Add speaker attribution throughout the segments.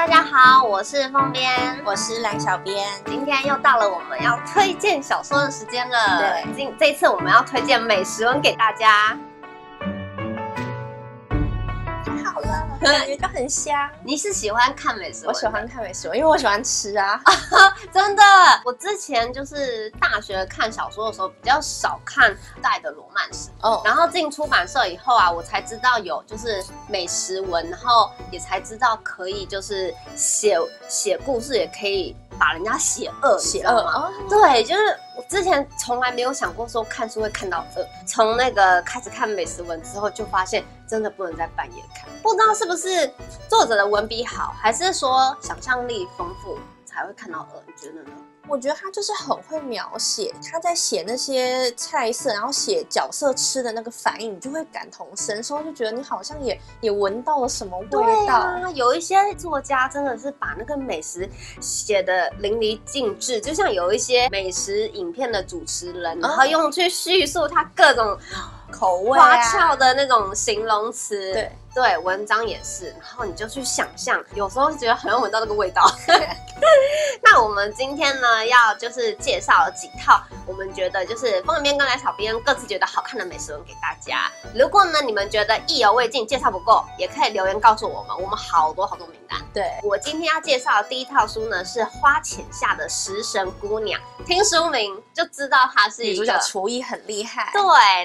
Speaker 1: 大家好，我是風編，我是嵐小編，今天又到了我們要推薦小說的時間了。對，今這次我們要推薦美食文給大家。感覺就很瞎。 你是喜歡看美食嗎？我喜歡看美食文，因為我喜歡吃啊。 真的，我之前就是大學看小說的時候比較少看古代的羅曼史哦。Oh. 然後進出版社以後啊，我才知道有就是美食文，然後也才知道可以就是寫寫故事，也可以把人家寫餓，寫餓嘛。嗎 oh. 對，就是。我之前從來沒有想過說看書會看到餓，從那個開始看美食文之後就發現真的不能在半夜看，不知道是不是作者的文筆好，還是說想象力豐富才會看到餓？你覺得呢？我覺得他就是很會描寫，他在寫那些菜色，然後寫角色吃的那個反應，你就會感同身受，就覺得你好像也也聞到了什麼味道。對啊，有一些作家真的是把那個美食寫得淋漓盡致，就像有一些美食影片的主持人，然後用去敘述他各種口味、啊、 花俏的那種形容詞。對對，文章也是，然後你就去想象，有時候是覺得很有聞到那個味道。 那我們今天呢，要就是介紹幾套我們覺得就是風人編跟嵐小編各自覺得好看的美食文給大家。如果呢你們覺得意猶未盡，介紹不夠，也可以留言告訴我們，我們好多好多名單。對，我今天要介紹的第一套書呢，是花淺夏的食神姑娘，聽書名就知道她是一個女主角廚藝很厲害。對，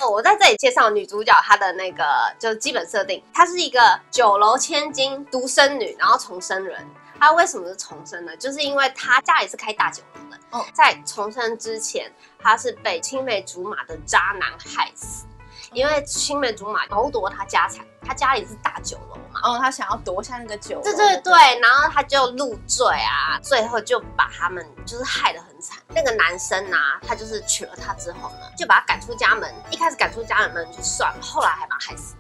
Speaker 1: 我在這裡介紹女主角她的那個就是基本設定，她是一個酒樓千金，獨生女，然後重生人。他為什麼是重生呢？就是因為他家裡是開大酒樓的。哦，在重生之前，他是被青梅竹馬的渣男害死，因為青梅竹馬謀奪他家產。他家裡是大酒樓嘛，哦，他想要奪下那個酒樓。對對對，然後他就入贅啊，最後就把他們就是害得很慘。那個男生啊，他就是娶了她之後呢，就把她趕出家門。一開始趕出家門就算了，後來還把她害死。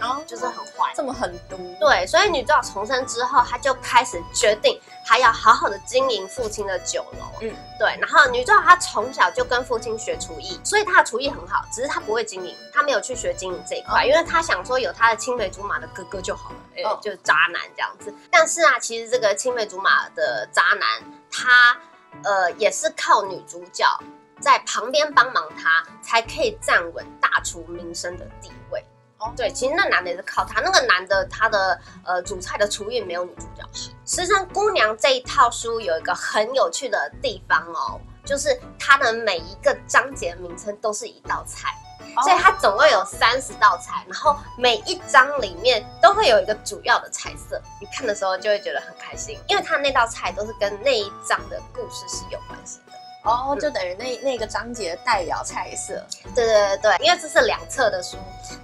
Speaker 1: 然後、oh, 就是很壞，這麼狠毒。對，所以女主角重生之後，她就開始決定還要好好的經營父親的酒樓。嗯，對。然後女主角她從小就跟父親學廚藝，所以她的廚藝很好，只是她不會經營，她沒有去學經營這一塊，oh. 因為她想說有她的青梅竹馬的哥哥就好了，oh. 就渣男這樣子。但是啊，其實這個青梅竹馬的渣男，他呃也是靠女主角在旁邊幫忙他，他才可以站穩大廚名聲的地位。對，其實那男的也是靠他。那個男的，他的呃煮菜的廚藝沒有女主角好。實際上，姑娘這一套書有一個很有趣的地方哦，就是它的每一個章節名稱都是一道菜，哦、所以它總共有三十道菜。然後每一章裡面都會有一個主要的菜色，你看的時候就會覺得很開心，因為它那道菜都是跟那一章的故事是有關係的。哦，就等於那那個章節代表菜色，對、嗯、對對對，因為這是兩冊的書，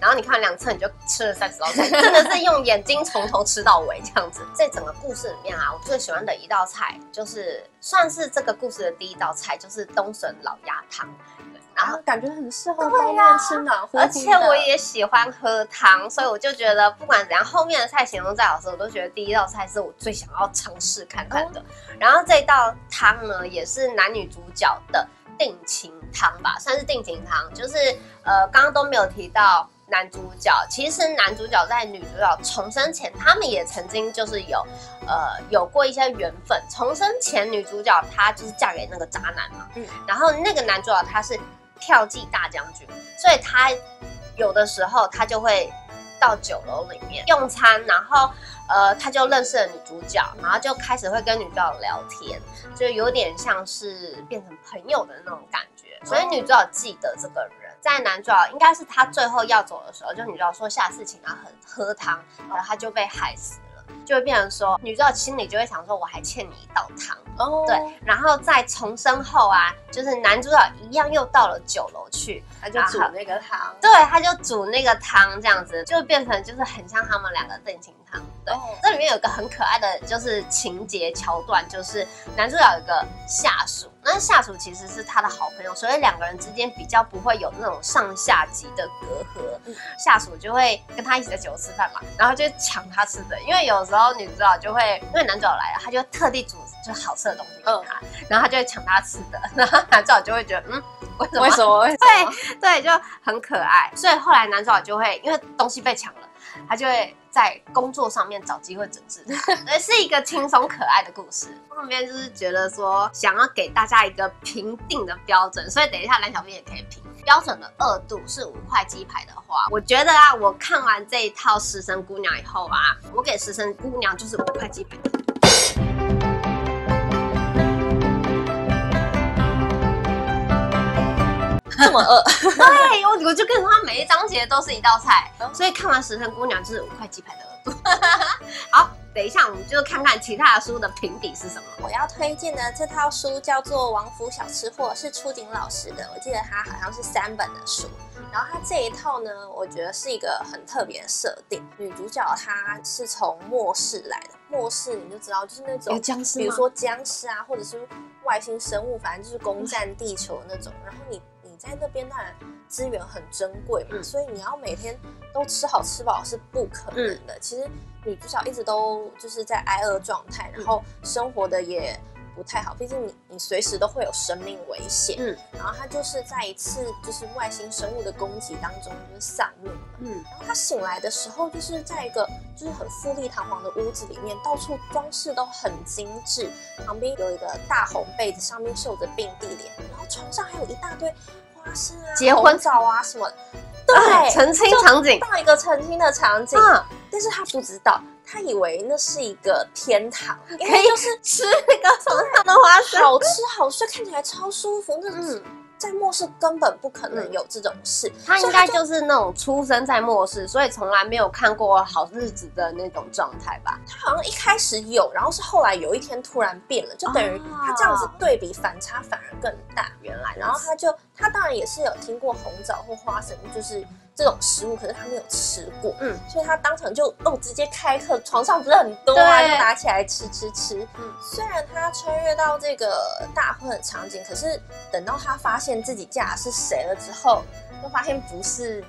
Speaker 1: 然後你看兩冊你就吃了三十道菜，真的是用眼睛從頭吃到尾這樣子。在 整個故事裡面啊，我最喜歡的一道菜就是算是這個故事的第一道菜，就是冬筍老鴨湯。對啊、感覺很適合冬天、啊、吃，暖和的。而且我也喜歡喝湯，所以我就覺得不管怎樣，後面的菜形容再好吃，我都覺得第一道菜是我最想要嘗試看看的。嗯、然後這道湯呢，也是男女主角的定情湯吧，算是定情湯。就是呃，剛剛都沒有提到男主角，其實男主角在女主角重生前，他們也曾經就是有呃有過一些緣分。重生前，女主角她就是嫁給那個渣男嘛，嗯，然後那個男主角他是。驃騎大將軍，所以他有的時候他就會到酒樓裡面用餐，然後呃他就認識了女主角，然後就開始會跟女主角聊天，就有點像是變成朋友的那種感覺。所以女主角記得這個人，在男主角應該是他最後要走的時候，就女主角說下次請他喝喝湯，然後他就被害死。就會變成說，女主角心裡就會想說，我還欠你一道湯，oh. 對，然後在重生後啊，就是男主角一樣又到了酒樓去，他就煮那個湯，對，他就煮那個湯這樣子，就會變成就是很像他們兩個定情湯，對，oh. 這裡面有個很可愛的，就是情節橋段，就是男主角有個下屬。那下屬其實是他的好朋友，所以兩個人之間比較不會有那種上下級的隔閡，嗯、下屬就會跟他一起在酒樓吃飯嘛，然後就搶他吃的，因為有時候女主角就會，因為男主角來了，他就特地煮就好吃的東西給他，嗯、然後他就會搶他吃的，然後男主角就會覺得，嗯，為什麼？為什麼？對對，就很可愛，所以後來男主角就會因為東西被搶了，他就會。在工作上面找機會整治的，而 是一個輕鬆可愛的故事。旁邊就是覺得說，想要給大家一個評定的標準，所以等一下嵐小編也可以評。標準的餓度是五塊雞排的話，我覺得啊，我看完這一套《食神姑娘》以後啊，我給食神姑娘就是五塊雞排。這麼餓， 對我，我就跟着他每一章節都是一道菜，嗯、所以看完《食神姑娘》就是五塊雞排的額度。 好，等一下我們就看看其他的書的評比是什麼？我要推薦的這套書叫做《王府小吃貨》，是初錦老師的。我記得他好像是三本的書，然後他這一套呢，我覺得是一個很特別的設定。女主角她是從末世來的，末世你就知道，就是那種殭屍，比如說殭屍啊，或者是外星生物，反正就是攻占地球的那種。哇然後你。在那邊，當然資源很珍貴嘛，嗯、所以你要每天都吃好吃飽是不可能的。嗯、其實女主角一直都就是在挨餓狀態，嗯、然後生活的也。不太好，畢竟你你隨時都會有生命危險。嗯，然後他就是在一次就是外星生物的攻擊當中就是喪命了。嗯，然後他醒來的時候就是在一個就是很富麗堂皇的屋子裡面，到處裝飾都很精緻，旁邊有一個大紅被子，上面繡着並蒂蓮，然後床上還有一大堆。啊啊結婚照啊什麼的，對，啊、成親場景，到一個成親的場景，啊、但是他不知道，他以為那是一個天堂，可以因為又、就是吃那個豐盛的花生， 好吃好睡， 看起來超舒服，那個嗯在末世根本不可能有這種事，嗯，他應該就是那種出生在末世，所以從來沒有看過好日子的那種狀態吧。他好像一開始有，然後是後來有一天突然變了，就等於他這樣子對比反差反而更大。原來，然後他就他當然也是有聽過紅棗或花生，就是。這種食物，可是他沒有吃過，嗯，所以他當場就哦，直接開課，床上不是很多啊，對就拿起來吃吃吃，嗯，雖然他穿越到這個大婚的場景，可是等到他發現自己嫁的是誰了之後，就發現不是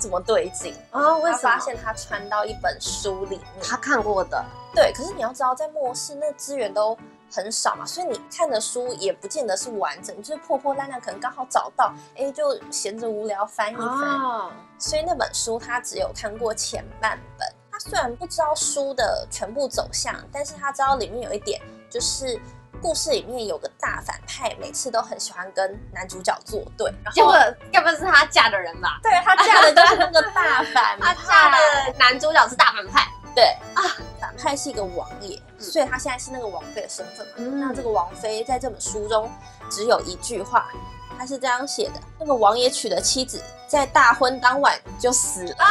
Speaker 1: 怎麼對勁啊，哦、他發現他穿到一本書裡面，他看過的，對，可是你要知道，在末世那資源都。很少嘛，所以你看的書也不見得是完整，就是破破爛爛，可能剛好找到，哎、欸，就閒着無聊翻一翻。Oh. 所以那本書他只有看過前半本，他雖然不知道書的全部走向，但是他知道裡面有一點，就是故事裡面有個大反派，每次都很喜歡跟男主角作對，然後結果，該不是他嫁的人吧？對，他嫁的就是那個大反派， 他嫁的男主角是大反派。對啊，反派是一個王爺，嗯、所以他現在是那個王妃的身份嘛、啊。嗯、那這個王妃在這本書中只有一句話，嗯、他是這樣寫的：那個王爺娶的妻子在大婚當晚就死了。啊、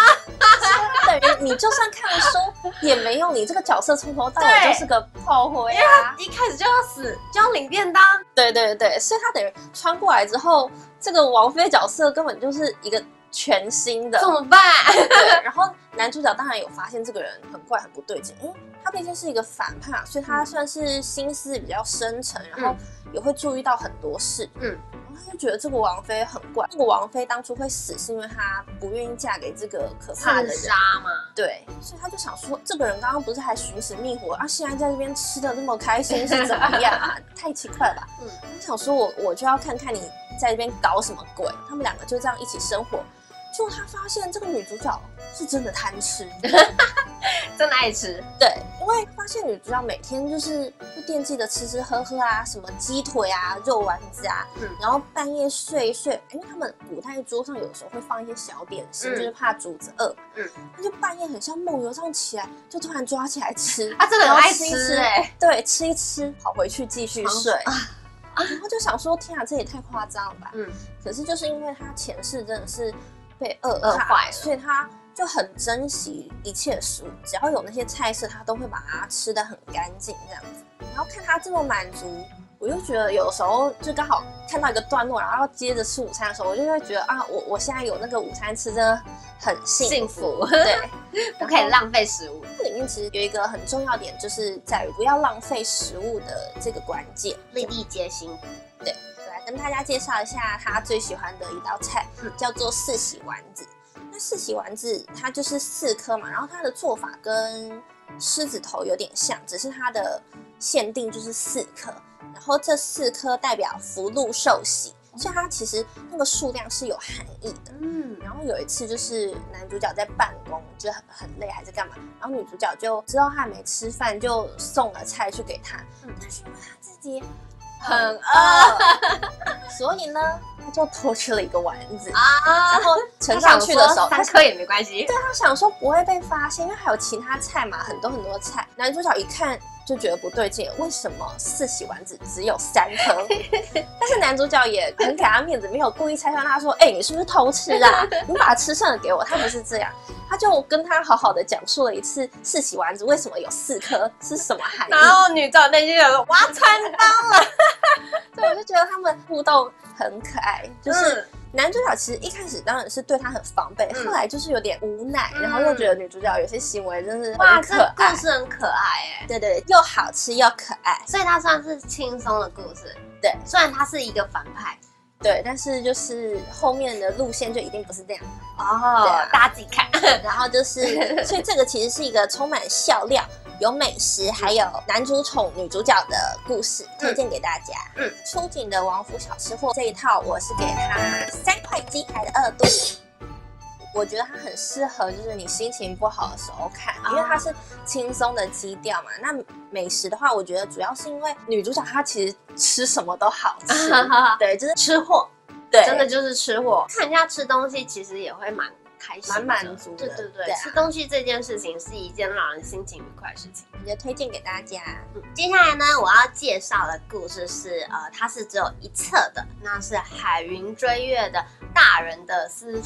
Speaker 1: 等於你就算看了書、啊、也沒用，你這個角色從頭到尾就是個炮灰，對因為他一開始就要死，就要領便當。對對對對，所以他等於穿過來之後，這個王妃角色根本就是一個。全新的怎麼辦 對？然後男主角當然有發現這個人很怪，很不對勁。嗯，他畢竟是一個反派，啊，所以他算是心思比較深沉，然後也會注意到很多事。嗯，然後他就覺得這個王妃很怪。這個王妃當初會死，是因為她不願意嫁給這個可怕的人。自殺嗎？對，所以他就想說，這個人剛剛不是還尋死覓活，啊，現在在這邊吃的那麼開心，是怎麼樣啊？ 太奇怪了吧？嗯，我想說我我就要看看你在這邊搞什麼鬼。他們兩個就這樣一起生活。就他發現這個女主角是真的貪吃， 真的愛吃。對，因為發現女主角每天就是會惦記着吃吃喝喝啊，什麼雞腿啊、肉丸子啊。嗯。然後半夜睡一睡，因為他們古代桌上有的時候會放一些小點心，嗯、就是怕主子餓。嗯。他就半夜很像夢遊這樣起來，就突然抓起來吃。他、啊、真的很愛吃哎、欸。對，吃一吃，跑回去繼續睡。啊。然後就想說，天啊，這也太誇張了吧。嗯。可是就是因為他前世真的是。被餓餓壞了，所以他就很珍惜一切食物。只要有那些菜色，他都會把它吃得很乾淨，這樣子。然後看他這麼滿足，我就覺得有時候就剛好看到一個段落，然後接着吃午餐的時候，我就會覺得啊，我我現在有那個午餐吃，真的很幸福。幸福對， 然後，不可以浪費食物。這裡面其實有一個很重要點，就是在於不要浪費食物的這個關鍵，粒粒皆辛苦。對。跟大家介紹一下他最喜歡的一道菜，嗯、叫做四喜丸子。那四喜丸子它就是四顆嘛，然後它的做法跟獅子頭有點像，只是它的限定就是四顆。然後這四顆代表福祿壽喜，嗯、所以它其實那個數量是有含義的。嗯。然後有一次就是男主角在辦公就很很累還是幹嘛，然後女主角就知道他還沒吃飯，就送了菜去給他。嗯。但是因為他自己很餓。很餓 所以呢，他就偷吃了一個丸子啊，然後呈上去的時候，他吃也沒關係，他對他想說不會被發現，因為還有其他菜嘛，很多很多菜。男主角一看。就覺得不對勁，為什麼四喜丸子只有三顆？ 但是男主角也很給他面子，沒有故意拆穿他，說：“哎、欸，你是不是偷吃啦、啊？你把它吃剩的給我。”他不是這樣，他就跟他好好的講述了一次四喜丸子為什麼有四顆，是什麼含義。然後女主角內心想說：“哇， 穿幫了。”對，我就覺得他們互動很可愛，就是。嗯男主角其實一開始當然是對她很防備，嗯、後來就是有點無奈，嗯、然後又覺得女主角有些行為真是可愛哇，這個故事很可愛哎、欸，對對，對又好吃又可愛，所以它算是輕鬆的故事，嗯、對，雖然她是一個反派。對，但是就是後面的路線就一定不是這樣哦，哦對，大吉看 然後就是，所以這個其實是一個充滿笑料、有美食、嗯、還有男主寵女主角的故事，推薦給大家。嗯，初錦的王府小吃貨這一套，我是給他三塊雞排的二度。 我覺得它很適合，就是你心情不好的時候看，因為它是輕鬆的基調嘛。那美食的話，我覺得主要是因為女主角她其實吃什麼都好吃， 對，就是吃貨，對，真的就是吃貨。看人家吃東西，其實也會蠻。蠻滿足的，對對對，對啊、吃東西這件事情是一件讓人心情愉快的事情，我就推薦給大家、嗯。接下來呢，我要介紹的故事是，呃，它是只有一冊的，那是海雲追月的《大人的私廚》。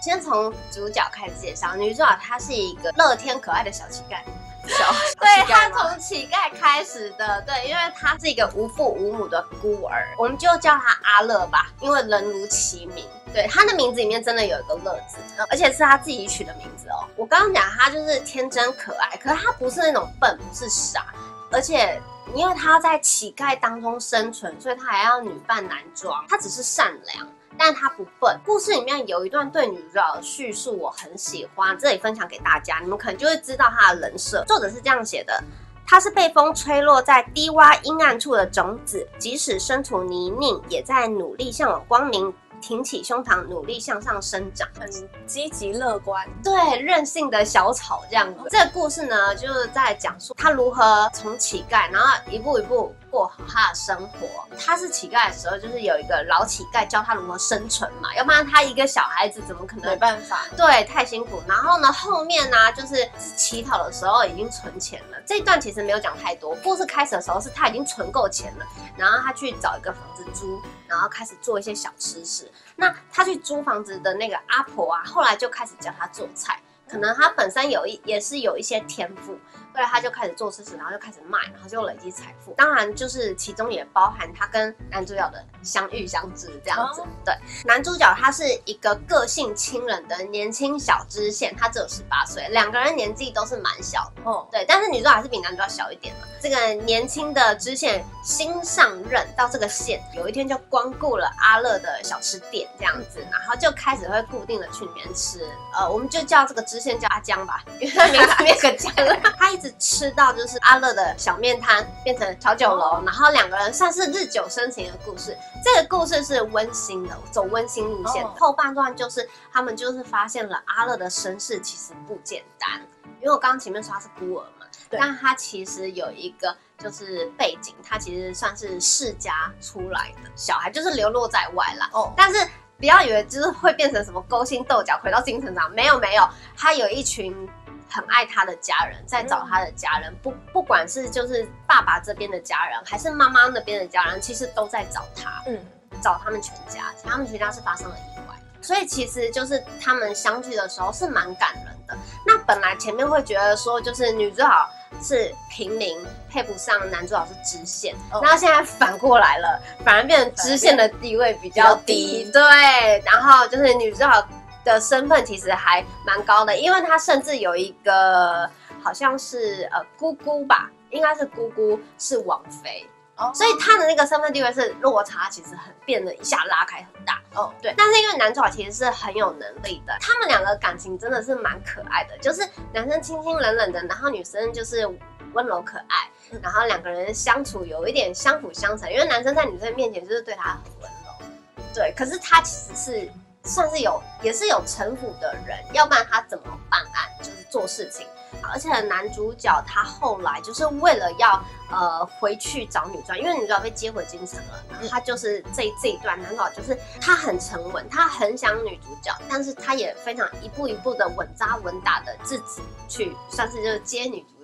Speaker 1: 先從主角開始介紹，女主角她是一個樂天可愛的小乞丐。 對他從乞丐開始的，對，因為他是一個無父無母的孤兒，我們就叫他阿樂吧，因為人如其名，對，他的名字裡面真的有一個樂字，呃，而且是他自己取的名字哦。我剛剛講他就是天真可愛，可是他不是那種笨，不是傻，而且因為他在乞丐當中生存，所以他還要女扮男裝，他只是善良。但他不笨。故事裡面有一段對女主角的敘述，我很喜歡，這裡分享給大家，你們可能就會知道她的人設。作者是這樣寫的：她是被風吹落在低洼陰暗處的種子，即使身處泥濘，也在努力向往光明，挺起胸膛，努力向上生長，很積極樂觀，對韌性的小草這樣子。這個故事呢，就是在講述他如何從乞丐，然後一步一步。過好他的生活。他是乞丐的時候，就是有一個老乞丐教他如何生存嘛，要不然他一個小孩子怎麼可能？沒辦法。對，太辛苦。然後呢，後面呢、啊，就是乞討的時候已經存錢了。這一段其實沒有講太多。故事開始的時候是他已經存夠錢了，然後他去找一個房子租，然後開始做一些小吃食。那他去租房子的那個阿婆啊，後來就開始教他做菜，可能他本身有一也是有一些天賦。所以他就開始做事情，然後就開始賣，然後就累積財富。當然，就是其中也包含他跟男主角的相遇相知這樣子。哦、對，男主角他是一個個性清冷的年輕小知縣，他只有十八歲，兩個人年紀都是蠻小的。哦，對，但是女主角還是比男主角小一點嘛。這個年輕的知縣新上任到這個縣，有一天就光顧了阿樂的小吃店這樣子，然後就開始會固定的去裡面吃。呃，我們就叫這個知縣叫阿江吧，因為他名字變個江了，他一直。吃到就是阿樂的小麵攤變成小酒樓，哦、然後兩個人算是日久生情的故事。這個故事是溫馨的，走溫馨路線。哦、後半段就是他們就是發現了阿樂的身世其實不簡單，因為我剛剛前面說他是孤兒嘛，對但他其實有一個就是背景，他其實算是世家出來的小孩，就是流落在外了。哦，但是不要以為就是會變成什麼勾心鬥角精神，回到京城上沒有沒有，他有一群。很愛他的家人，在找他的家人，嗯、不，不管是就是爸爸這邊的家人，還是媽媽那邊的家人，其實都在找他，嗯，找他們全家，他們全家是發生了意外，所以其實就是他們相聚的時候是蠻感人的。那本來前面會覺得說，就是女主角是平民，配不上男主角是知縣，哦、那現在反過來了，反而變成知縣的地位比較低，對，較低對，然後就是女主角。的身份其實還蠻高的，因為他甚至有一個好像是呃姑姑吧，應該是姑姑是王妃，哦。所以他的那個身份地位是落差，其實很變得一下拉開很大。哦，對。但是因為男主角其實是很有能力的，他們兩個感情真的是蠻可愛的，就是男生清清冷冷的，然後女生就是溫柔可愛，嗯。然後兩個人相處有一點相輔相成，因為男生在女生面前就是對他很溫柔，對。可是他其實是。算是有，也是有城府的人，要不然他怎麼辦案？就是做事情。而且男主角他後來就是為了要呃回去找女主角，因為女主角被接回京城了。然後他就是這這一段，男主角就是他很沉穩，他很想女主角，但是他也非常一步一步的穩紮穩打的自己去，算是就是接女主角。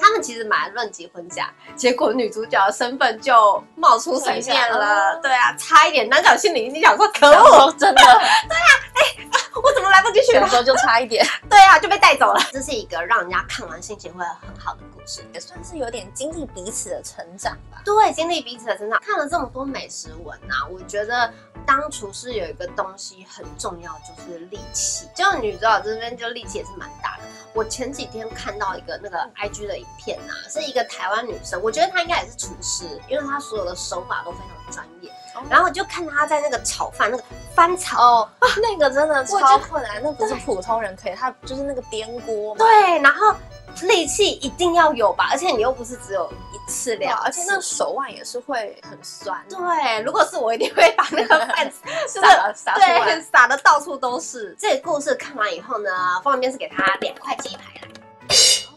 Speaker 1: 他們其實買了論及婚嫁，結果女主角的身份就冒出水面了。對啊，差一點，男主角心裡已經想說可惡，真的。 對啊，哎、欸，我怎麼來不及選？選就差一點。對啊，就被帶走了。這是一個讓人家看完心情會很好的故事，也算是有點經歷彼此的成長吧。對，經歷彼此的成長。看了這麼多美食文啊，我覺得當廚師有一個東西很重要，就是力氣。就女主角這邊，就力氣也是蠻。我前幾天看到一個那個 IG 的影片吶、啊，是一個台灣女生，我覺得她應該也是廚師，因為她所有的手法都非常專業。然後就看他在那個炒飯那個翻炒哦，那個真的超困難，那個不是普通人可以，對他就是那個顛鍋嘛。對，然後力氣一定要有吧，而且你又不是只有一次量，而且那手腕也是會很酸。對，如果是我，一定會把那個飯撒，撒出來，對，撒的到處都是。這個故事看完以後呢，方便麵是給他兩塊雞排了。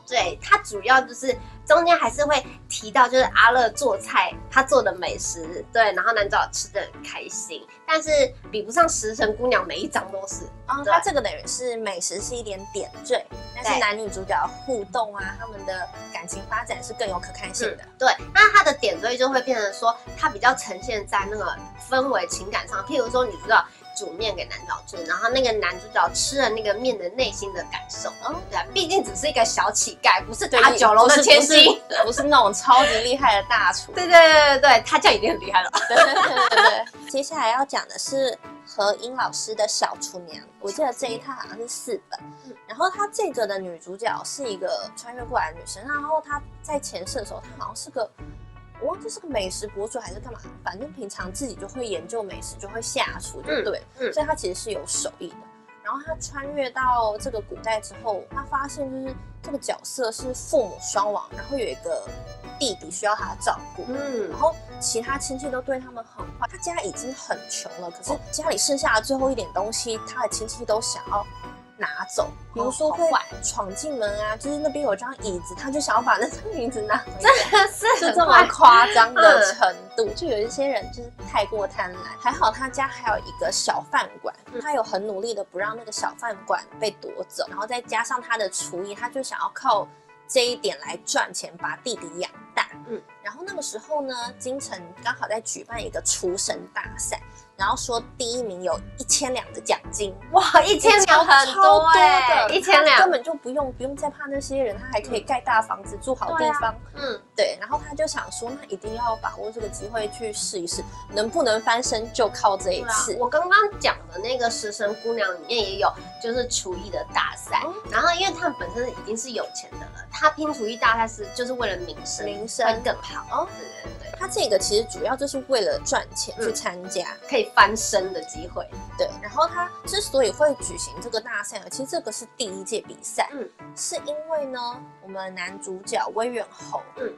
Speaker 1: 對，它主要就是中間還是會提到，就是阿樂做菜，他做的美食，對，然後男主角吃的很開心，但是比不上食神姑娘每一章都是啊。它、哦、對這個等於是美食是一點點綴，但是男女主角互動啊，對他們的感情發展是更有可看性的。嗯、對，那它的點綴就會變成說，它比較呈現在那個氛圍情感上，譬如說女主角。煮麵給男主角吃，然後那個男主角吃了那個麵的內心的感受，嗯、對啊，畢竟只是一個小乞丐，不是大酒樓的千金，不是那種超級厲害的大廚， 對對對對對，他就已經很厲害了。接下來要講的是和音老師的小廚娘，我記得這一套好像是四本，嗯、然後他這個的女主角是一個穿越過來的女生，然後她在前世的時候，她好像是個。哇，這是個美食博主還是幹嘛？反正平常自己就會研究美食，就會下廚，就對了。嗯嗯，所以他其實是有手藝的。然後他穿越到這個古代之後，他發現就是這個角色是父母雙亡，然後有一個弟弟需要他照顧。嗯，然後其他親戚都對他們很壞，他家已經很窮了，可是家裡剩下的最後一點東西，他的親戚都想要。拿走，比如說會闖進門啊，哦、就是那邊有張椅子，他就想要把那張椅子拿走，真的是這麼誇張的程度，嗯、就有一些人就是太過貪婪。還好他家還有一個小飯館，嗯、他有很努力的不讓那個小飯館被奪走，然後再加上他的廚藝，他就想要靠這一點來賺錢，把弟弟養大。嗯，然後那個時候呢，京城剛好在舉辦一個廚神大賽。然後說第一名有一千兩的獎金，哇，一千兩很、欸、多對、欸、一千兩根本就不用不用再怕那些人，他還可以蓋大房子對住好地方，嗯、啊，對。然後他就想說，那一定要把握這個機會去試一試，能不能翻身就靠這一次。啊、我剛剛講的那個食神姑娘裡面也有，就是廚藝的大賽。嗯、然後因為他們本身已經是有錢的了，他拼廚藝大賽是就是為了名聲，名聲會更好。對對對，他這個其實主要就是為了賺錢去參加，嗯、可以。翻身的機會，對。然後他之所以會舉行這個大賽，其實這個是第一屆比賽，嗯，是因為呢，我們男主角威遠侯，嗯，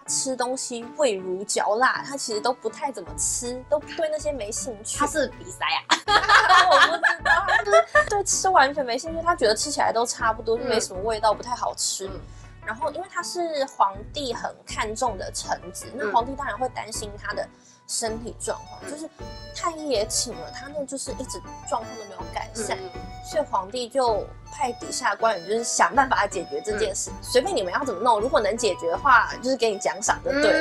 Speaker 1: 他吃東西味如嚼蠟，他其實都不太怎麼吃，都對那些沒興趣。他是鼻塞啊， 我不知道， 他對吃完全沒興趣，他覺得吃起來都差不多，就、嗯、沒什麼味道，不太好吃。嗯、然後因為他是皇帝很看重的臣子，嗯、那皇帝當然會擔心他的。身體狀況，就是太醫也請了，他那就是一直狀況都沒有改善，嗯、所以皇帝就派底下官員就是想辦法解決這件事，隨、嗯、便你們要怎麼弄，如果能解決的話，就是給你獎賞就對了。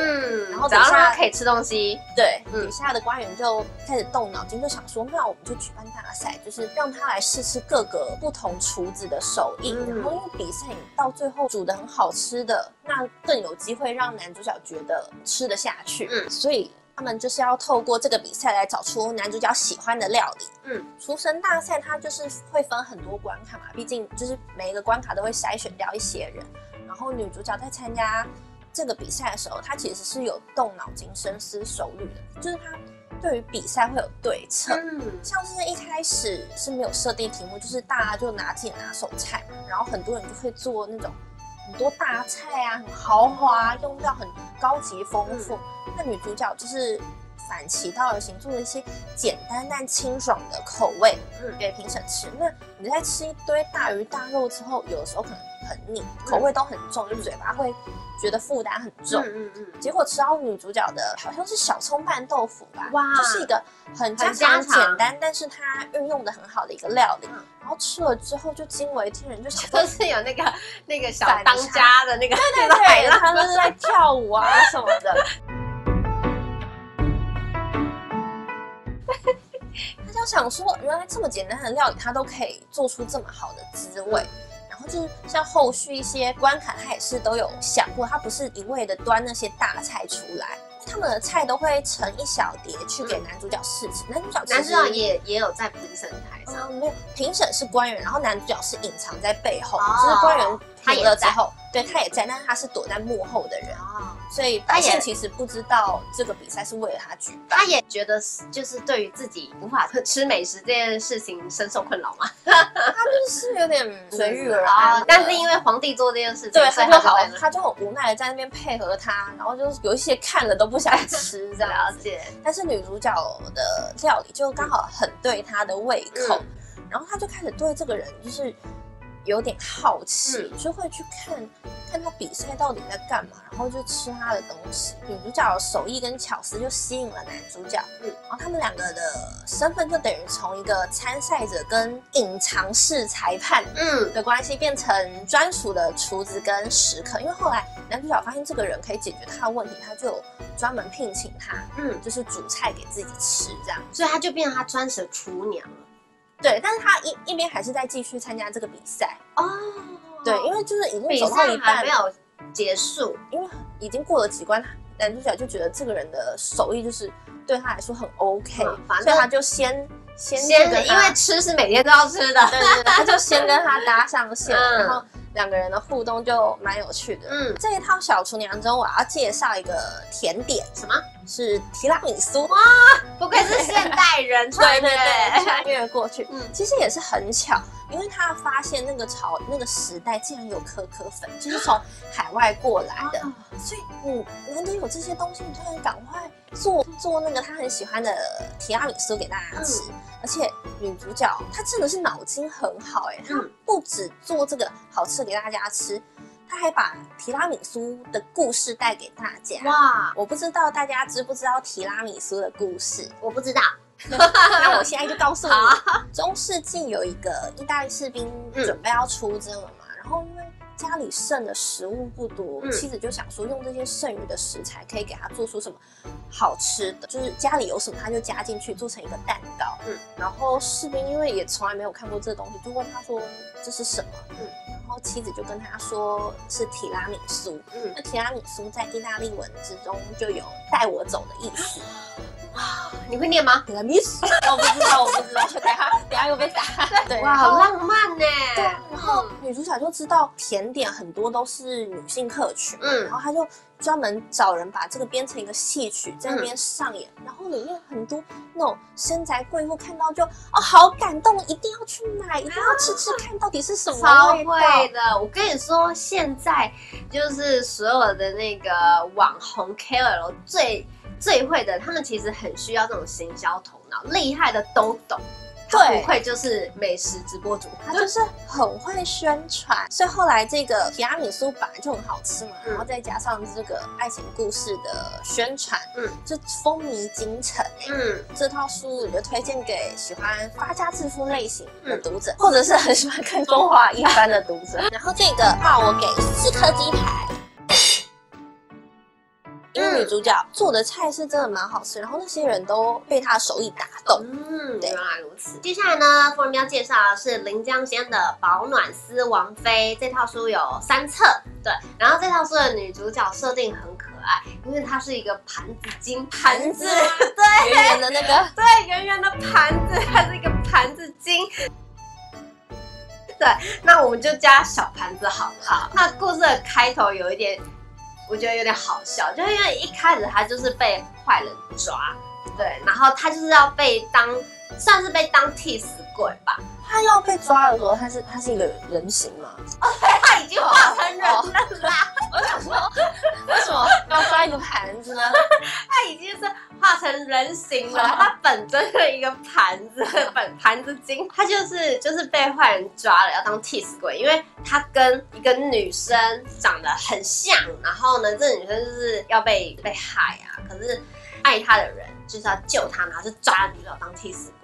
Speaker 1: 嗯、然後只要讓他可以吃東西，對，嗯、底下的官員就開始動腦筋，就想說，那我們就舉辦大賽，就是讓他來試吃各個不同廚子的手藝。嗯、然後因為比賽你到最後煮得很好吃的，那更有機會讓男主角覺得吃得下去。嗯，所以。他們就是要透過這個比賽來找出男主角喜歡的料理。嗯，廚神大賽它就是會分很多關卡嘛，畢竟就是每一個關卡都會篩選掉一些人。然後女主角在參加這個比賽的時候，她其實是有動腦筋、深思熟慮的，就是她對於比賽會有對策。嗯，像是一開始是沒有設定題目，就是大家就拿自己拿手菜嘛，然後很多人就會做那種。很多大菜啊，很豪華，用料很高級豐富，嗯、那女主角就是。反其道而行，做了一些簡單但清爽的口味，嗯，給評審吃。那你在吃一堆大魚大肉之後，有的時候可能很膩，嗯、口味都很重，就嘴巴會覺得負擔很重。嗯嗯，嗯。結果吃到女主角的，好像是小蔥拌豆腐吧？哇！就是一個很家常，很家常，簡單，但是它運用的很好的一個料理。嗯、然後吃了之後就驚為天人就想到，就是都是有那個那個小當家的那個的對對對， 他就是在跳舞啊什麼的。 我想說，原來這麼簡單的料理，他都可以做出這麼好的滋味。然後就是像後續一些關卡，他也是都有想過，他不是一味的端那些大菜出來，他們的菜都會盛一小碟去給男主角試吃。嗯、男主角其實，男主角也也有在評審台上，嗯、沒有評審是官員，然後男主角是隱藏在背後，就、哦、是官員。他也在，他也在之後對他也在，但是他是躲在幕後的人，也哦、所以百姓其實不知道這個比賽是為了他舉辦。他也覺得是，就是對於自己無法吃美食這件事情深受困擾嘛。 他就是有點隨遇而安、嗯。但是因為皇帝做這件事情，他對就很他就很無奈的在那邊配合他，然後就是有一些看了都不想吃這樣子。解但是女主角的料理就剛好很對他的胃口，嗯、然後他就開始對這個人就是。有點好奇，就會去看看他比賽到底在幹嘛，然後就吃他的東西。女主角的手藝跟巧思就吸引了男主角，嗯，然後他們兩個的身份就等於從一個參賽者跟隱藏式裁判，嗯，的關係，嗯，變成專屬的廚子跟食客。因為後來男主角發現這個人可以解決他的問題，他就專門聘請他，嗯，就是煮菜給自己吃這樣，所以他就變成他專屬的廚娘。對，但是他一一邊還是在繼續參加這個比賽哦。對，因為就是已經走到一半，比賽還沒有結束，因為已經過了幾關，男主角就覺得這個人的手藝就是對他來說很 OK，啊，所以他就先先就先，因為吃是每天都要吃的， 對對對他就先跟他搭上線，嗯、然後。兩個人的互動就蠻有趣的。嗯，這一套小廚娘中，我要介紹一個甜點，什麼是提拉米蘇。哇，不愧是現代人穿越穿越過去。嗯，其實也是很巧，因為他發現那個朝那個時代竟然有可可粉，就是從海外過來的，所以嗯，難得有這些東西，你突然趕快做做那個他很喜歡的提拉米蘇給大家吃。而且女主角她真的是腦筋很好哎，她不止做這個好吃。給大家吃，他還把提拉米蘇的故事帶給大家。哇，我不知道大家知不知道提拉米蘇的故事，我不知道。那 我現在就告訴你，好中世紀有一個意大利士兵準備要出征了嘛，嗯、然後因為家裡剩的食物不多，嗯、妻子就想說用這些剩餘的食材可以給他做出什麼好吃的，就是家裡有什麼他就加進去做成一個蛋糕。嗯，然後士兵因為也從來沒有看過這東西，就問他說。這是什麼？嗯，然後妻子就跟他說是提拉米蘇。嗯，那提拉米蘇在意大利文之中就有帶我走的意思。哇、啊，你會念嗎？提拉米蘇。女 我不知道，我不知道。等下，等下又被打。對，哇，好浪漫呢。對，然後女主角就知道甜點很多都是女性客群。嗯，然後他就。專門找人把這個編成一個戲曲，在那邊上演，嗯、然後裡面很多那種深宅貴婦看到就哦，好感動，一定要去買，一定要吃吃看到底是什麼。啊，超會的！我跟你說，現在就是所有的那個網紅 KOL 最最會的，他們其實很需要這種行銷頭腦，厲害的都懂。對，不愧就是美食直播主，對他就是很會宣傳，對所以後來這個提拉米蘇本來就很好吃嘛，嗯、然後再加上這個愛情故事的宣傳，嗯，就風靡京城、欸。嗯，這套書我就推薦給喜歡發家致富類型的讀者，嗯、或者是很喜歡看中華一番的讀者。 然後這個話我給四顆雞排。因為女主角做的菜是真的蠻好吃，嗯、然後那些人都被她的手藝打動。嗯，對原來如此。接下來呢，風人編要介紹的是臨江仙的《飽暖思王妃》，這套書有三冊，對。然後這套書的女主角設定很可愛，因為她是一個盤子精，盤子、盤子 對，圓圓的那個 對，圓圓的盤子，她是一個盤子精。 對，那我們就加小盤子好不好？嗯、那故事的開頭有一點。我覺得有點好笑，就是因為一開始他就是被壞人抓，對，然後他就是要被當。算是被當替死鬼吧。他要被抓的時候他，他是他是一個人形嗎？哦，他已經化成人了啦。我想說， 為什麼要抓一個盤子呢？他已經是化成人形了，麼他本身是一個盤子，麼本盤子精。他就是就是被壞人抓了，要當替死鬼，因為他跟一個女生長得很像。然後呢，這女生就是要被被害啊，可是愛他的人就是要救他嘛，就抓了女的當替死鬼。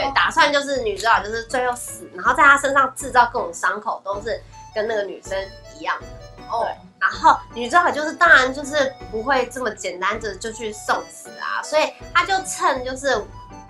Speaker 1: 對，打算就是女主角就是最後死，然後在她身上製造各種傷口都是跟那個女生一樣的。哦，對然後女主角就是當然就是不會這麼簡單的就去送死啊，所以她就趁就是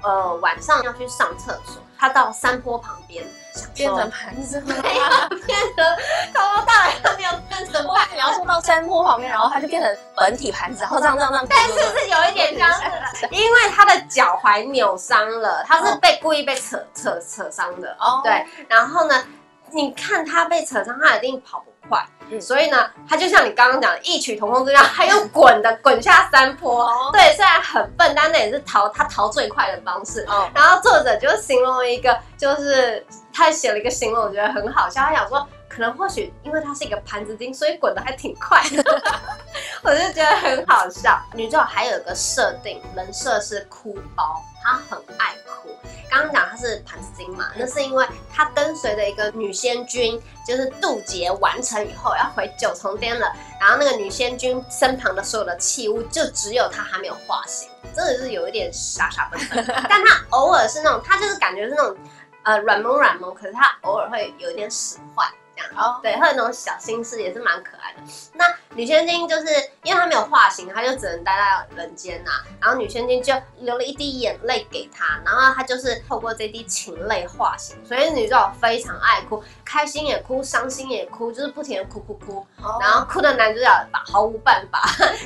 Speaker 1: 呃晚上要去上廁所。他到山坡旁邊，想說變成盤子，變得超大，沒有變成盤子。我剛 你要說到山坡旁邊，然後他就變成本體盤子，然後這樣這樣。這樣。但是是有一點相似，因為他的腳踝扭傷了，他是被故意被扯扯扯傷的哦。對，然後呢，你看他被扯傷，他一定跑不。快，所以呢，它就像你剛剛講的，異曲同工之妙，他用滾的滾下山坡。哦、對，雖然很笨，但那也是逃他逃最快的方式。哦、然後作者就形容了一個，就是他寫了一個形容，我覺得很好笑。他想說，可能或許因為它是一個盤子精，所以滾的還挺快的。 我就覺得很好笑。嗯、女主還有一個設定，人設是哭包。他很愛哭，剛剛講他是盤絲精嘛，那是因為他跟隨著一個女仙君，就是渡劫完成以後要回九重天了，然後那個女仙君身旁的所有的器物，就只有他還沒有化形，真的是有一點傻傻分不清 但他偶爾是那種，他就是感覺是那種，呃，軟萌軟萌，可是他偶爾會有一點使壞。哦，對，會有、oh. 那種小心思也是蠻可愛的。那女千金就是因為她沒有化形，她就只能待在人間吶、啊。然後女千金就流了一滴眼淚給她，然後她就是透過這滴情淚化形。所以女主角非常愛哭，開心也哭，傷心也哭，就是不停的哭哭哭。Oh. 然後哭的男主角把毫無辦法，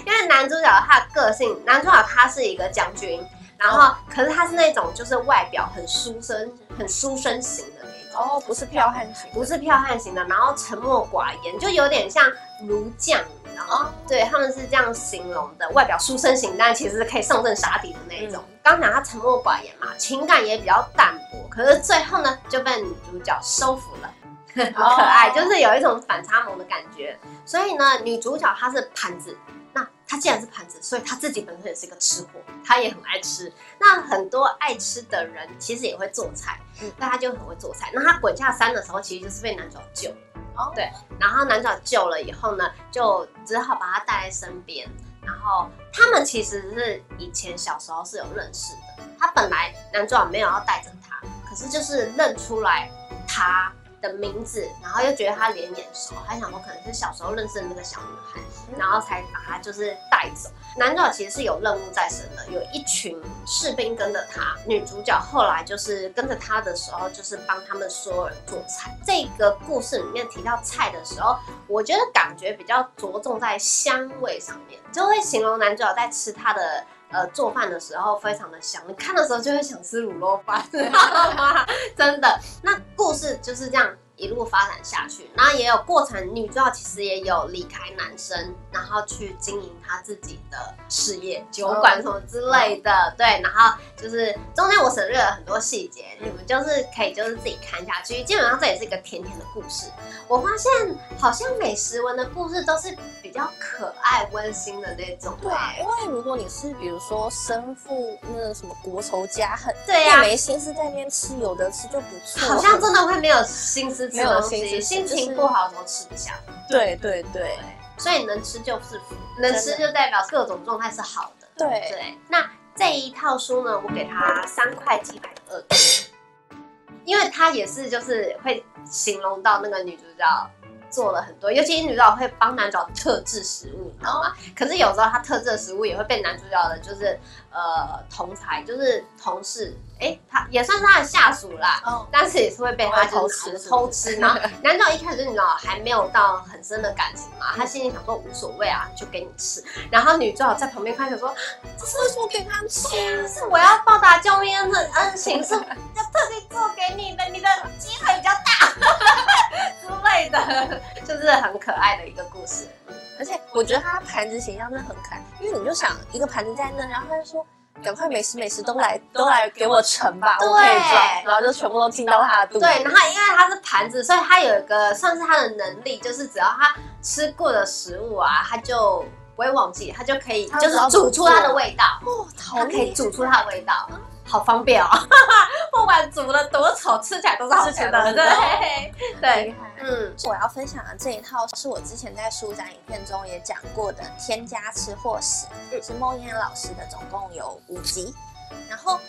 Speaker 1: 因為男主角他的個性，男主角他是一個將軍，然後可是他是那種就是外表很書生，很書生型。哦，不是剽悍型，是型，不是剽悍型的，然後沉默寡言，就有點像儒將，然後、哦、對，他們是這樣形容的，外表書生型，但其實是可以上陣殺敵的那一種。嗯、剛講他沉默寡言嘛，情感也比較淡薄，可是最後呢，就被女主角收服了，好、哦、 可愛，就是有一種反差萌的感覺。所以呢，女主角她是盤子。那他既然是盤子，所以他自己本身也是一個吃貨，他也很愛吃。那很多愛吃的人其實也會做菜，那他就很會做菜。那他滾下山的時候，其實就是被男主角救。哦，對。然後男主角救了以後呢，就只好把他帶在身邊。然後他們其實是以前小時候是有認識的。他本來男主角沒有要帶着他，可是就是認出來他的名字，然後又覺得他臉眼熟，還想說可能是小時候認識的那個小女孩，然後才把她就是帶走。男主角其實是有任務在身的，有一群士兵跟着他。女主角後來就是跟着他的時候，就是幫他們所有人做菜。這個故事裡面提到菜的時候，我覺得感覺比較着重在香味上面，就會形容男主角在吃他的。呃，做飯的時候非常的香，你看的時候就會想吃滷肉飯嗎？ 真的。那故事就是這樣。一路發展下去，然後也有過程。女主角其實也有離開男生，然後去經營她自己的事業，酒館什麼之類的。嗯、對，然後就是中間我省略了很多細節，嗯、你們就是可以就是自己看下去。基本上這也是一個甜甜的故事。我發現好像美食文的故事都是比較可愛溫馨的那種、啊。對、啊，因為如果你是比如說身負那個什麼國仇家恨，對呀、啊，沒心思在那邊吃，有的吃就不錯。好像真的會沒有心思。東西沒有心思思，心情不好的時候吃不下。就是、對對對，對，所以能吃就是福，的能吃就代表各種狀態是好的。對，對，那這一套書呢，我給他三塊雞排的額度，對因為它也是就是會形容到那個女主角做了很多，尤其女主角會幫男主角特制食物，你知道嗎？哦、可是有時候他特制的食物也會被男主角的就是呃同才，就是同事。哎、欸，他也算是他的下屬啦，oh, okay. 但是也是會被他偷吃，oh, okay. 偷吃。偷吃 然後，男主一開始你知道還沒有到很深的感情嘛， 他心裡想說無所謂啊，就給你吃。然後女主在旁邊看著說：“ 這是為什麼給他吃？ 是我要報答救命恩恩情， 是，要特地做給你的，你的機會比較大。 ” 之類的，就是很可愛的一個故事。而且我覺得他盤子形象真的很可愛，因為你就想一個盤子在那，然後他就說。趕快美食美食都來都來給我盛吧，對我可以，然後就全部都進到它的肚子。對，然後因為它是盤子，所以它有一個算是它的能力，就是只要它吃過的食物啊，它就不會忘記，它就可以就是煮出它的味道。哦、啊，它可以煮出它的味道。哦好方便哦，不管煮得多醜，吃起來都是好吃的，對不嗯，嗯，我要分享的這一套是我之前在書展影片中也講過的《天家吃貨媳》，對是夢映安老師的，總共有五集。然後，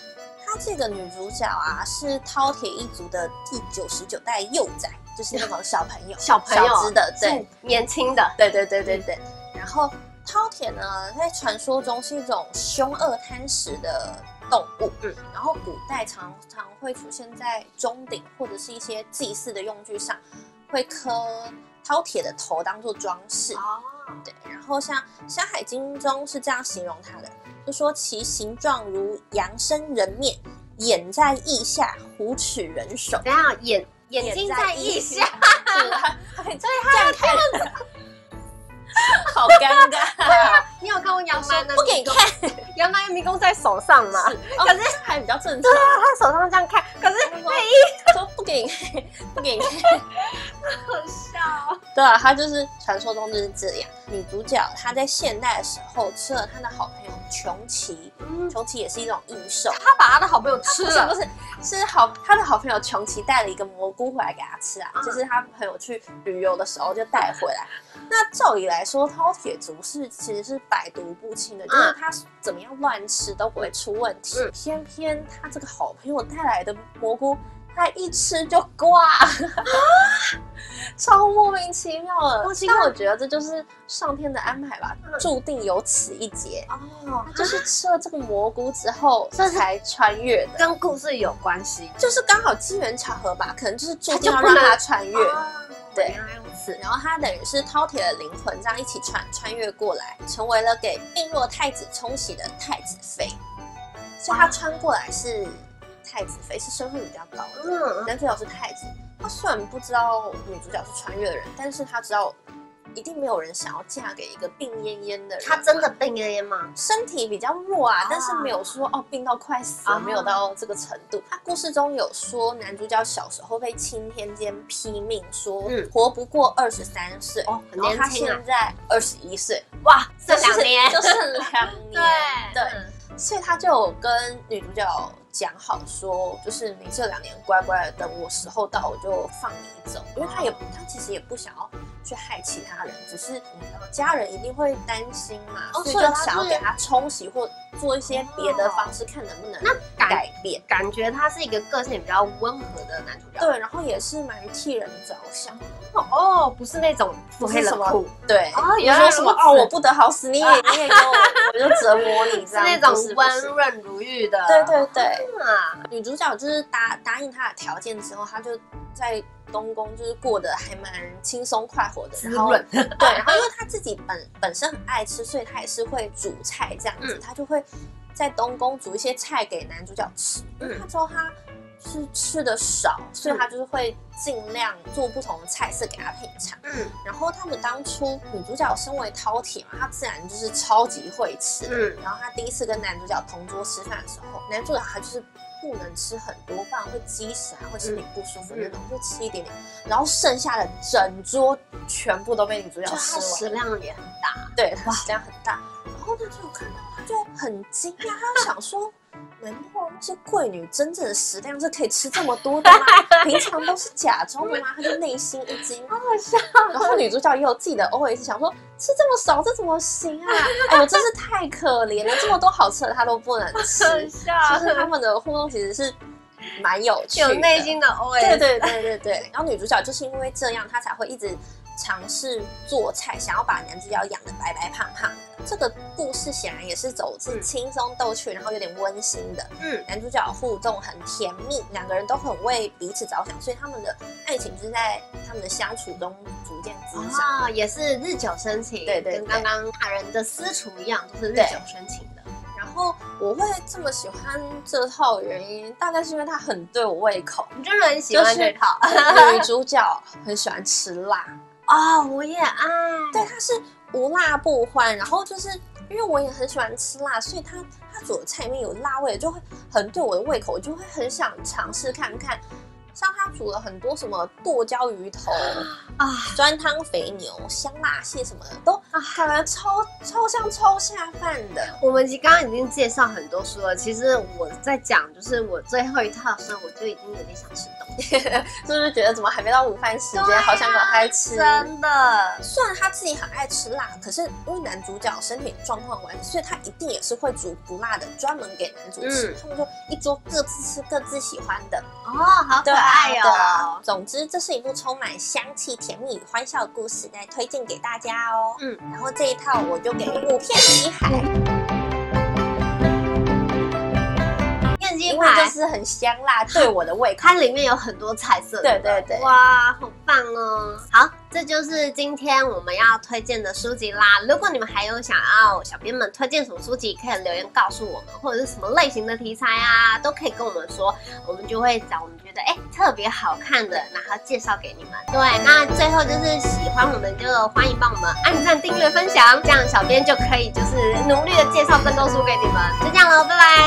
Speaker 1: 她這個女主角啊，是饕餮一族的第九十九代幼崽，就是那種小朋友、對小朋友小的，對，嗯、年輕的，對對對對對。嗯、然後，饕餮呢，在傳說中是一種兇惡貪食的。動物，嗯，然後古代常常會出現在鐘鼎或者是一些祭祀的用具上，會刻饕餮的頭當做裝飾。哦，對，然後像《山海經》中是這樣形容它的，就說其形狀如羊身人面，眼在腋下，虎齒人手，然後眼眼睛在腋下， 對
Speaker 2: 好尷
Speaker 1: 尬！你有看《我楊媽》嗎？不給你看，《楊媽》迷宮在手上嘛。可是還比較正常。對啊，他手上這樣看。可是內衣都不給你看，不給你看。好笑。對啊，他就是傳說中就是這樣。女主角她在現代的時候吃了她的好朋友窮奇，窮奇也是一種異獸。她把她的好朋友吃了？不是不是，是好她的好朋友窮奇帶了一個蘑菇回來給她吃啊，就是她朋友去旅遊的時候就帶回來。那照理來說，饕餮族是其實是百毒不侵的，就是他怎麼樣亂吃都不會出問題。嗯、偏偏他這個好朋友帶來的蘑菇，他一吃就掛， 超莫名其妙了。哦、但我覺得這就是上天的安排吧，嗯、注定有此一劫。哦，他就是吃了這個蘑菇之後、啊、才穿越的，跟故事有關係。就是剛好機緣巧合吧，可能就是注定要讓他穿越。對，然後他等於是饕餮的靈魂，這樣一起穿穿越過來，成為了給病弱太子沖喜的太子妃，所以他穿過來是太子妃，是身份比較高的。嗯，男主角是太子，他雖然不知道女主角是穿越的人，但是他知道。一定沒有人想要嫁給一個病懨懨的人。他真的病懨懨嗎？身體比較弱啊，哦、但是沒有說哦，病到快死了，哦、沒有到這個程度。他故事中有說，男主角小時候被欽天監批命說，說、嗯、活不過二十三歲。哦，很年輕然、啊、後、哦、他、啊、現在二十一歲，哇，這兩年、就是、就是兩年。對 對，對嗯、所以他就有跟女主角。講好說，就是你這兩年乖乖的等我時候到，我就放你走。因為他也他其實也不想要去害其他人，只是家人一定會擔心嘛，哦、所以就想要給他沖洗或做一些別的方式，哦、看能不能那改變。感,感覺他是一個個性比較溫和的男主角。對，然後也是蠻替人着想的。哦哦，不是那種腹黑冷酷，對。然後、哦、什麼？哦，我不得好死，你也你也給我， 我就折磨你這樣。是那種溫潤如玉的。對對對。嘛，女主角就是答答應他的條件之後，她就在東宮就是過得還蠻輕鬆快活的，然後吃潤 對，然後因為她自己本本身很愛吃，所以她也是會煮菜這樣子，她、嗯、就會在東宮煮一些菜給男主角吃，嗯、他說他。是吃的少，所以他就是會盡量做不同的菜色給他品嘗。嗯，然後他們當初女、嗯、主角身為饕餮嘛，她自然就是超級會吃。嗯，然後她第一次跟男主角同桌吃飯的時候，嗯、男主角他就是不能吃很多飯，會積食啊，他會身體不舒服那種，嗯、然後就吃一點點。嗯、然後剩下的整桌全部都被女主角吃了。食量也很大，哇對，食量很大。然後那就可能他就很驚訝，哇他就想說。 然後那些貴女真正的食量是可以吃這麼多的嗎？平常都是假裝的嗎？ 她就內心一驚，好笑！然後女主角也有自己的 OS，想說 吃這麼少，這怎麼行啊？哎、欸、呦，真是太可憐了，這麼多好吃的她都不能吃。其實 他們的互動其實是蠻有趣的，有內心的 OS，對對對對對、對。然後女主角就是因為這樣，她才會一直嘗試做菜，想要把男主角養得白白胖胖。這個故事顯然也是走是輕鬆逗趣，嗯、然後有點溫馨的。嗯，男主角互動很甜蜜，兩個人都很為彼此着想，所以他們的愛情就是在他們的相處中逐漸滋長，哦，也是日久生情。對，對，對，跟剛剛大人的私廚一樣，都、嗯、是日久生情的。對然後我會這麼喜歡這套原因，大概是因為他很對我胃口。你真的很喜歡這套，女主角很喜歡吃辣啊、哦，我也愛。對，他是。無辣不歡，然後就是因為我也很喜歡吃辣，所以他他煮的菜裡面有辣味，就會很對我的胃口，我就會很想嘗試看看。像他煮了很多什麼剁椒魚頭啊，酸湯肥牛、香辣蟹什麼的，都感覺超、啊、哈超香、超下飯的。我們剛剛已經介紹很多書了，其實我在講就是我最後一套的時候，我就已經有點想吃東西， 是不是覺得怎麼還沒到午飯時間？啊、好想趕快吃。真的，雖然他自己很愛吃辣，可是因為男主角身體狀況完，所以他一定也是會煮不辣的，專門給男主吃。嗯、他們就一桌各自吃各自喜歡的。哦，好。對。可愛的、哦，總之，這是一部充滿香氣、甜蜜與歡笑的故事，來推薦給大家哦。嗯，然後這一套我就給五片劉海。 因為雞排就是很香辣，對我的胃口。它裡面有很多彩色的，對對對，哇，好棒哦！好，這就是今天我們要推薦的書籍啦。如果你們還有想要小編們推薦什麼書籍，可以留言告訴我們，或者是什麼類型的題材啊，都可以跟我們說，我們就會找我們覺得哎特別好看的，然後介紹給你們。對，那最後就是喜歡我們就歡迎幫我們按讚、訂閱、分享，這樣小編就可以就是努力的介紹更多書給你們。就這樣嘍，拜拜。